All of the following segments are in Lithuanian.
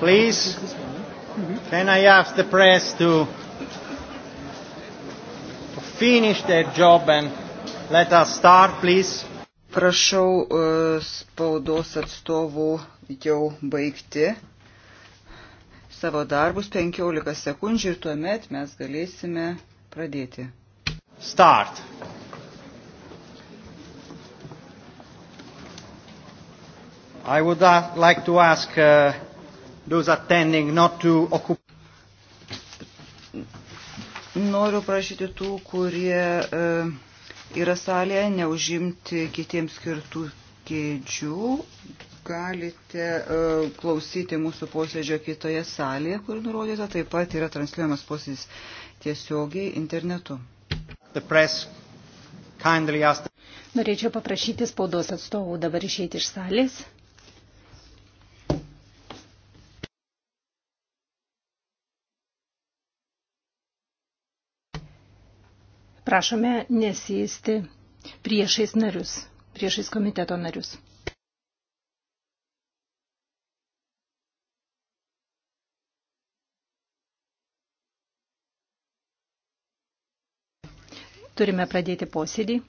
Please, can I ask the press to, to finish their job and let us start, please? Prašau e, spaudos atstovų jau baigti savo darbus 15 sekundžių ir tuomet mes galėsime pradėti. Start. I would uh, like to ask uh, those attending not to occupy. Noriu prašyti tų, kurie e, yra salėje, neužimti kitiems skirtų kėdžių. Galite e, klausyti mūsų posėdžio kitoje salėje, kur nurodyta. Taip pat yra transliuojamas posėdis tiesiogiai internetu. Norėčiau paprašyti spaudos atstovų dabar išėti iš salės. Prašome nesėsti priešais narius, priešais komiteto narius. Turime pradėti posėdį.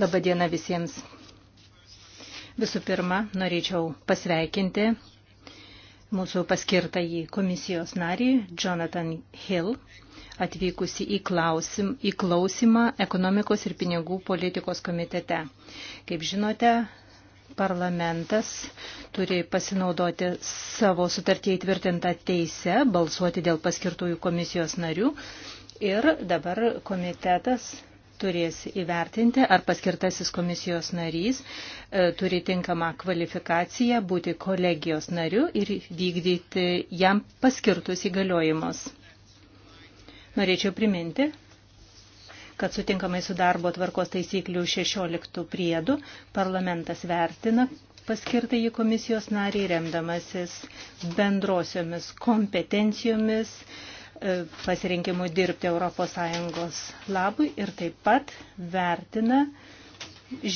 Labadiena visiems. Visų pirma, norėčiau pasveikinti mūsų paskirtąjį komisijos narį Jonathan Hill, atvykusi į, klausim, į klausimą ekonomikos ir pinigų politikos komitete. Kaip žinote, parlamentas turi pasinaudoti savo sutartį įtvirtintą teisę, balsuoti dėl paskirtųjų komisijos narių ir dabar komitetas turės įvertinti, ar paskirtasis komisijos narys e, turi tinkamą kvalifikaciją būti kolegijos nariu ir vykdyti jam paskirtus įgaliojimus. Norėčiau priminti, kad sutinkamai su darbo tvarkos taisyklių 16 priedų parlamentas vertina paskirtą į komisijos narį remdamasis bendrosiomis kompetencijomis, E, pasirinkimų dirbti ES labui ir taip pat vertina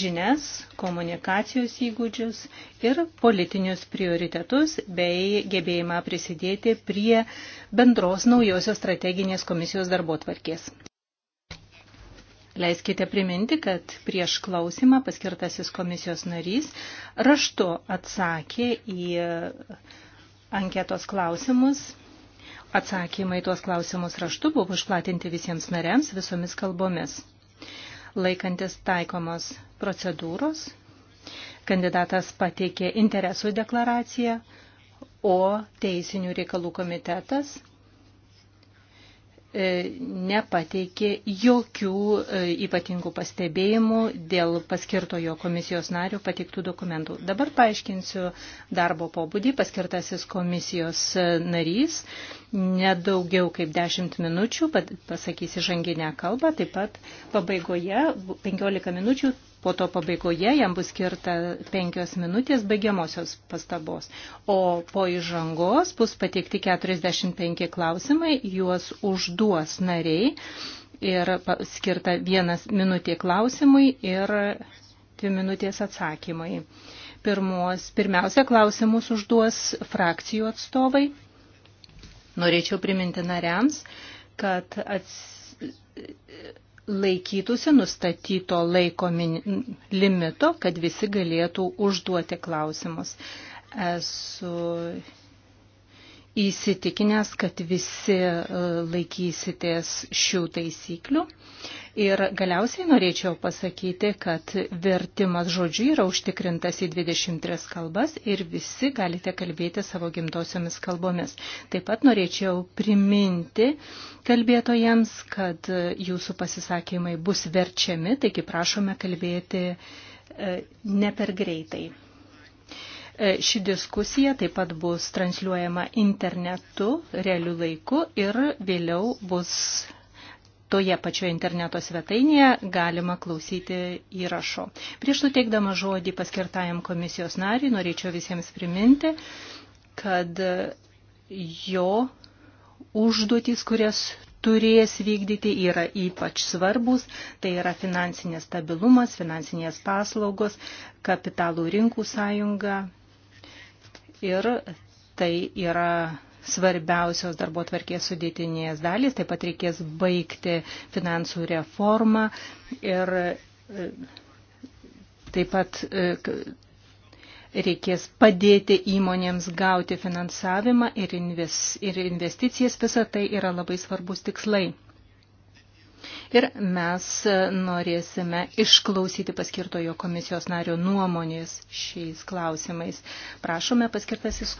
žinias, komunikacijos įgūdžius ir politinius prioritetus bei gebėjimą prisidėti prie bendros naujosios strateginės komisijos darbo tvarkės. Leiskite priminti, kad prieš klausimą paskirtasis komisijos narys raštu atsakė į anketos klausimus Atsakymai tuos klausimus raštu buvo išplatinti visiems nariams visomis kalbomis. Laikantis taikomos procedūros, kandidatas pateikė interesų deklaraciją, o teisinių reikalų komitetas e, nepateikė jokių e, ypatingų pastebėjimų dėl paskirtojo komisijos narių pateiktų dokumentų. Dabar paaiškinsiu darbo pobūdį. Paskirtasis komisijos e, narys nedaugiau kaip 10 minučių, pasakys įžanginę kalbą, taip pat pabaigoje 15 minučių, po to pabaigoje jam bus skirta 5 minutės baigiamosios pastabos. O po įžangos bus pateikti 45 klausimai, juos užduos nariai ir skirta vienas minutė klausimui ir dvi minutės atsakymai. Pirmos, pirmiausia, klausimus užduos frakcijų atstovai Norėčiau priminti nariams, kad ats... laikytųsi nustatyto laiko min... limito, kad visi galėtų užduoti klausimus. Esu įsitikinęs, kad visi e, laikysitės šių taisyklių. Ir galiausiai norėčiau pasakyti, kad vertimas žodžiu yra užtikrintas į 23 kalbas ir visi galite kalbėti savo gimtosiomis kalbomis. Taip pat norėčiau priminti kalbėtojams, kad jūsų pasisakymai bus verčiami, taigi prašome kalbėti e, ne per greitai. E, ši diskusija taip pat bus transliuojama internetu realiu laiku ir vėliau bus toje pačioje interneto svetainėje galima klausyti įrašo. Prieš suteikdama žodį paskirtajam komisijos nariui, norėčiau visiems priminti, kad jo užduotys, kurias turės vykdyti, yra ypač svarbus. Tai yra finansinės stabilumas, finansinės paslaugos, kapitalų rinkų sąjunga, ir tai yra svarbiausios darbo tvarkės sudėtinės dalys. Taip pat reikės baigti finansų reformą ir e, taip pat e, reikės padėti įmonėms gauti finansavimą ir, inves, ir investicijas. Visą tai yra labai svarbus tikslai ir mes norėsime išklausyti paskirtojo komisijos nario nuomonės šiais klausimais. Prašome paskirtasis